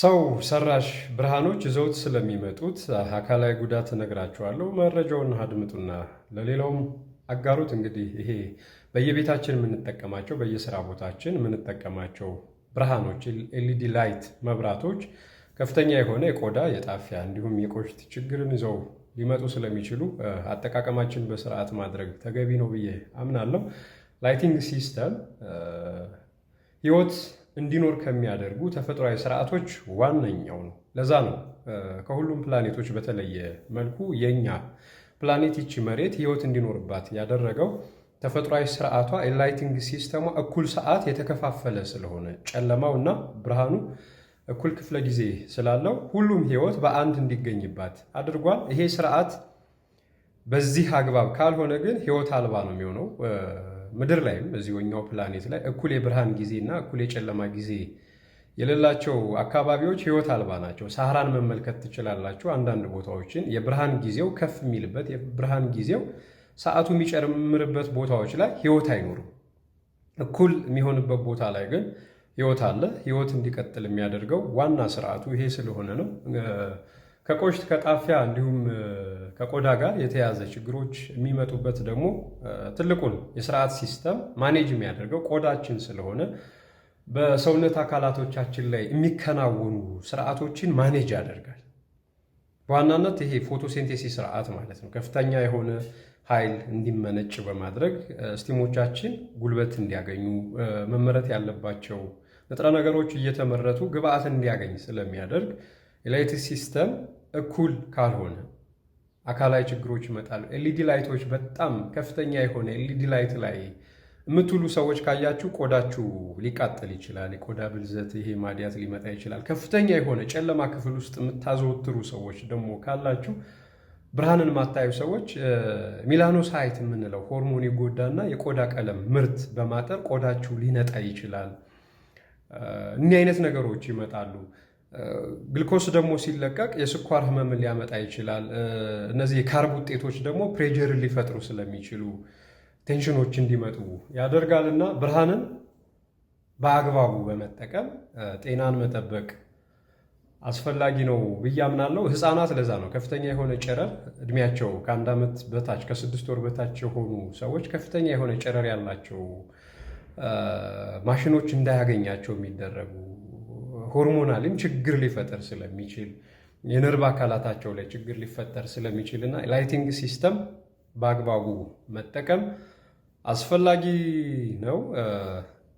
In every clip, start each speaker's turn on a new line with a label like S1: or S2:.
S1: ሰው ሰራሽ ብርሃኖች ይዘውት ስለሚመጡት አካላዊ ጉዳት እነግራችኋለሁ። መረጃውን አድምጡና ለሌላውም አጋሩት። እንግዲህ ይሄ በየቤታችን የምንጠቀማቸው በየስራ ቦታችን የምንጠቀማቸው ብርሃኖች ኤልኢዲ ላይት መብራቶች ከፍተኛ የሆነ የቆዳ የጣፊያ እንዲሁም የቆሽት ችግርን ይዘው ሊመጡ ስለሚችሉ አጠቃቀማችን በስርዓት ማድረግ ተገቢ ነው ብዬ አምናለሁ። ላይቲንግ ሲስተም ህይወት እንዲኖር ከሚያደርጉ ተፈጥሯዊ ስርዓቶች ዋነኛው ነው። ለዛ ነው ከሁሉም ፕላኔቶች በተለየ መልኩ የእኛ ፕላኔት ይቺ መሬት ህይወት እንዲኖርባት ያደረገው ተፈጥሯዊ ስርዓቷ ኤንላይቲንግ ሲስተሟ እኩል ሰዓት የተከፋፈለ ስለሆነ ጨለማው እና ብርሃኑ እኩል ክፍለ ጊዜ ስላለው ሁሉም ህይወት በአንድ እንዲገኝባት አድርጓል። ይሄ ስርዓት በዚህ አግባብ ካልሆነ ግን ህይወት አልባ ነው የሚሆነው። ምድር ላይም እዚህኛው ፕላኔት ላይ እኩል የብርሃን ጊዜ እና እኩል የጨለማ ጊዜ የሌላቸው አካባቢዎች ህይወት አልባ ናቸው። ሳህራን መመልከት ትችላላችሁ። አንዳንድ ቦታዎችን የብርሃን ጊዜው ከፍ የሚልበት የብርሃን ጊዜው ሰዓቱ የሚጨምርበት ቦታዎች ላይ ህይወት አይኖርም። እኩል የሚሆንበት ቦታ ላይ ግን ህይወት አለ። ህይወት እንዲቀጥል የሚያደርገው ዋና ስርዓቱ ይሄ ስለሆነ ነው። ከቆሽት ከጣፊያ እንዲሁም ከቆዳ ጋር የተያዘ ችግሮች የሚመጡበት ደግሞ ትልቁን የስርዓት ሲስተም ማኔጅ የሚያደርገው ቆዳችን ስለሆነ በሰውነት አካላቶቻችን ላይ የሚከናወኑ ስርዓቶችን ማኔጅ ያደርጋል። በዋናነት ይሄ ፎቶሴንቴሲስ ስርዓት ማለት ነው። ከፍተኛ የሆነ ኃይል እንዲመነጭ በማድረግ ስቲሞቻችን ጉልበት እንዲያገኙ መመረት ያለባቸው ንጥረ ነገሮች እየተመረቱ ግብአት እንዲያገኝ ስለሚያደርግ የላይት ሲስተም እኩል ካልሆነ አካላዊ ችግሮች ይመጣሉ። ኤልኢዲ ላይቶች በጣም ከፍተኛ የሆነ ኤልኢዲ ላይት ላይ የምትውሉ ሰዎች ካያችሁ ቆዳችሁ ሊቃጠል ይችላል። የቆዳ ብልዘት፣ ይሄ ማዲያት ሊመጣ ይችላል። ከፍተኛ የሆነ ጨለማ ክፍል ውስጥ የምታዘወትሩ ሰዎች ደግሞ ካላችሁ ብርሃንን ማታዩ ሰዎች ሚላኖሳይት የምንለው ሆርሞን ይጎዳና የቆዳ ቀለም ምርት በማጠር ቆዳችሁ ሊነጣ ይችላል። እኒህ አይነት ነገሮች ይመጣሉ። ግልኮስ ደግሞ ሲለቀቅ የስኳር ህመምን ሊያመጣ ይችላል። እነዚህ የካርብ ውጤቶች ደግሞ ፕሬጀርን ሊፈጥሩ ስለሚችሉ ቴንሽኖች እንዲመጡ ያደርጋል እና ብርሃንን በአግባቡ በመጠቀም ጤናን መጠበቅ አስፈላጊ ነው ብዬ አምናለሁ። ህፃናት ለዛ ነው ከፍተኛ የሆነ ጨረር እድሜያቸው ከአንድ ዓመት በታች ከስድስት ወር በታች የሆኑ ሰዎች ከፍተኛ የሆነ ጨረር ያላቸው ማሽኖች እንዳያገኛቸው የሚደረጉ ሆርሞናልም ችግር ሊፈጠር ስለሚችል የነርቭ አካላታቸው ላይ ችግር ሊፈጠር ስለሚችል እና ላይቲንግ ሲስተም በአግባቡ መጠቀም አስፈላጊ ነው።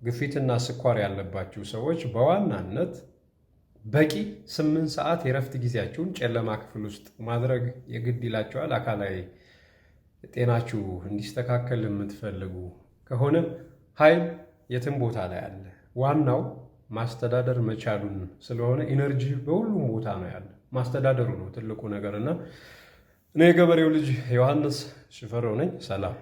S1: ግፊትና ስኳር ያለባቸው ሰዎች በዋናነት በቂ ስምንት ሰዓት የረፍት ጊዜያችሁን ጨለማ ክፍል ውስጥ ማድረግ የግድ ይላቸዋል። አካላዊ ጤናችሁ እንዲስተካከል የምትፈልጉ ከሆነ ኃይል የትም ቦታ ላይ አለ። ዋናው ማስተዳደር መቻሉን ስለሆነ ኢነርጂ በሁሉም ቦታ ነው ያለ። ማስተዳደሩ ነው ትልቁ ነገር እና እኔ የገበሬው ልጅ ዮሐንስ ሽፈረው ነኝ። ሰላም